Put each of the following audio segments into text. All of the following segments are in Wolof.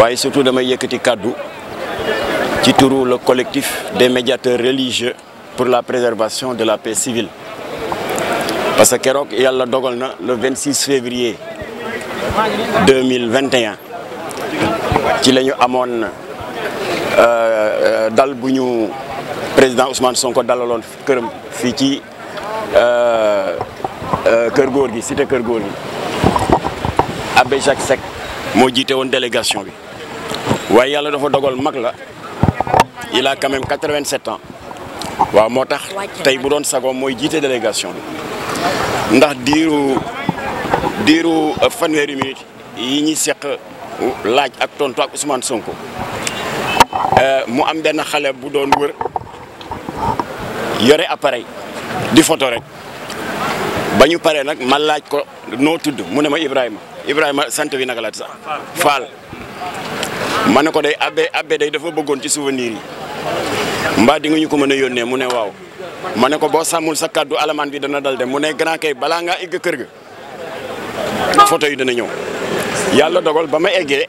waaye surtout damay yëkkati kàddu ci turu le collectif des médiateurs religieux pour la préservation de la paix civile parce que keroog yàlla dogal na le 26 février 2021 ci lañu ñu amoon Euh, euh, dal bu ñu président Ousmane Sonko dalaloon këram fii ci euh, kër góor gi cité kër góor gi Abbé Jacques Seck moo jiite woon délégation bi waaye yàlla dafa dogal mag la il a quand même quatre-vingt-sept ans waaw moo tax tey bu doon sagoom mooy jiite délégation bi ndax diiru diiru fanweeri minute yi ñuy seq laaj ak tontu ak Ousmane Sonko Euh, mu am benn xale bu doon wër yore appareil di photo rek ba ñu paree nag ma laaj ko noo tudd mu ne ma Ibrahima Ibrahima sant wi naka la sax Fall ma ne ko day abbé abbé day dafa bëggoon ci souvenir yi mbaa di nga ñu ko mën a yónnee mu ne waaw ma ne ko boo sàmmul sa kàddu alamaan bi dana dal de mu ne grand kay balaa nga egg kër ga photo yi dana ñëw yàlla dogal ba ma eggee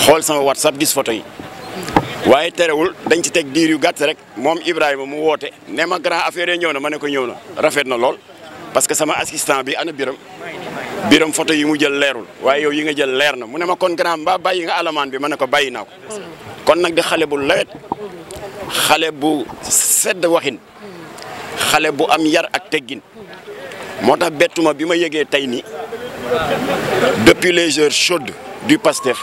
xool sama whatsapp gis photo yi waaye terewul dañ ci teg diir yu gàtt rek moom Ibrahima mu woote ne ma grand affaire ñëw na ma ne ko ñëw na rafet na lool parce que sama assistant bi ana biram biram photo yi mu jël leerul waaye yow yi nga jël leer na mu ne ma kon grand mbaa bàyyi nga alamaan bi ma ne ko bàyyi naa ko kon nag di xale bu lawet xale bu sedd waxin xale bu am yar ak teggin moo tax bettuma bi ma yëgee tey nii depuis les heures chaudes du PASTEF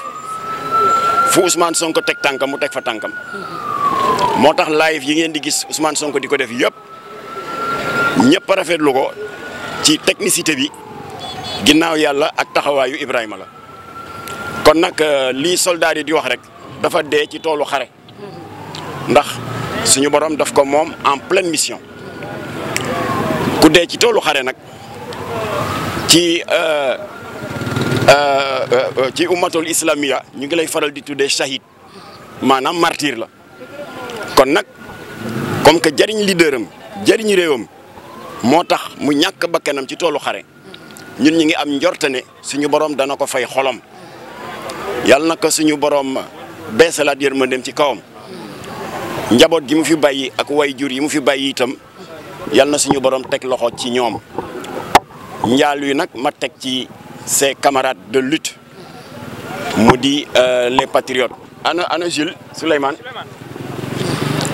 fu Ousmane Sonko teg tànkam mu teg fa tànkam moo tax live yi ngeen di gis Ousmane Sonko di ko def yëpp ñëpp rafetlu ko ci technicité bi ginnaaw yàlla ak taxawaayu Ibrahima la kon nag euh, li soldats yi di wax rek dafa dee ci toolu xare ndax suñu borom daf ko moom en pleine mission ku dee ci toolu xare nag ci. Euh, Euh, euh, euh, ci ummatul islamiya ñu ngi lay faral di tuddee shahid maanaam martyr la kon nag comme que jëriñ leader am jëriñ réewam moo tax mu ñàkk bakkenam ci toolu xare ñun ñu ngi am njorte ne suñu borom dana ko fay xolom yàlla suñu boroom suñu borom beesalaat yërmandeem ci kawam njaboot gi mu fi bàyyi ak way jur yi mu fi bàyyi itam yal na suñu boroom teg loxo ci ñoom njaal wi nag ma teg ci. ses camarades de lutte mu di euh, les patriotes ana ana Jules Souleymane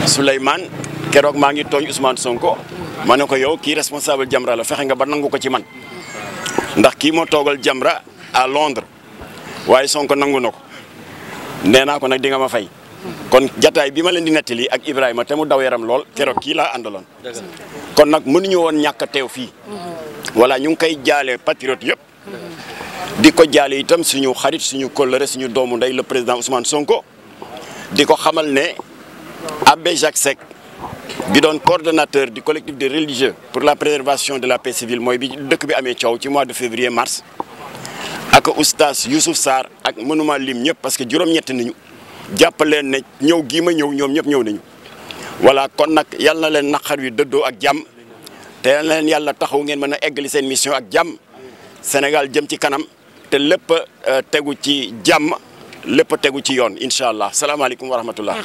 Souleymane keroog maa ngi tooñ Ousmane Sonko ma ne ko yow kii responsable Jamra la fexe nga ba nangu ko ci man ndax kii moo toogal Jamra à Londres waaye Sonko nangu na ko nee naa ko nag di nga ma fay kon jataay bii ma leen di nettali ak Ibrahima te mu daw yaram lool keroog kii laa àndaloon kon nag munu ñu woon ñàkk a teew fii mm-hmm. voilà ñu ngi koy jaale patriote yëpp di ko jaale itam suñu xarit suñu kóllëre suñu doomu ndey la président Ousmane Sonko di ko xamal ne abbé Jacques Seck bi doon coordonnateur du collectif de religieux pour la préservation de la paix civile mooy bi dëkk bi amee coow ci mois de février mars ak oustaz Youssouf Sarr ak mënuma lim ñëpp parce que juróom-ñett nañu jàppaleen ne ñëw gii ma ñëw ñoom ñëpp ñëw nañu voilà kon nag yal na leen xar wi dëddoo ak jàmm te yal na leen yàlla taxaw ngeen mën a eggali seen mission ak jàmm Sénégal jëm ci kanam te lépp euh, tegu ci jàmm lépp tegu ci yoon incha allah salaamaaleykum wa rahmatullah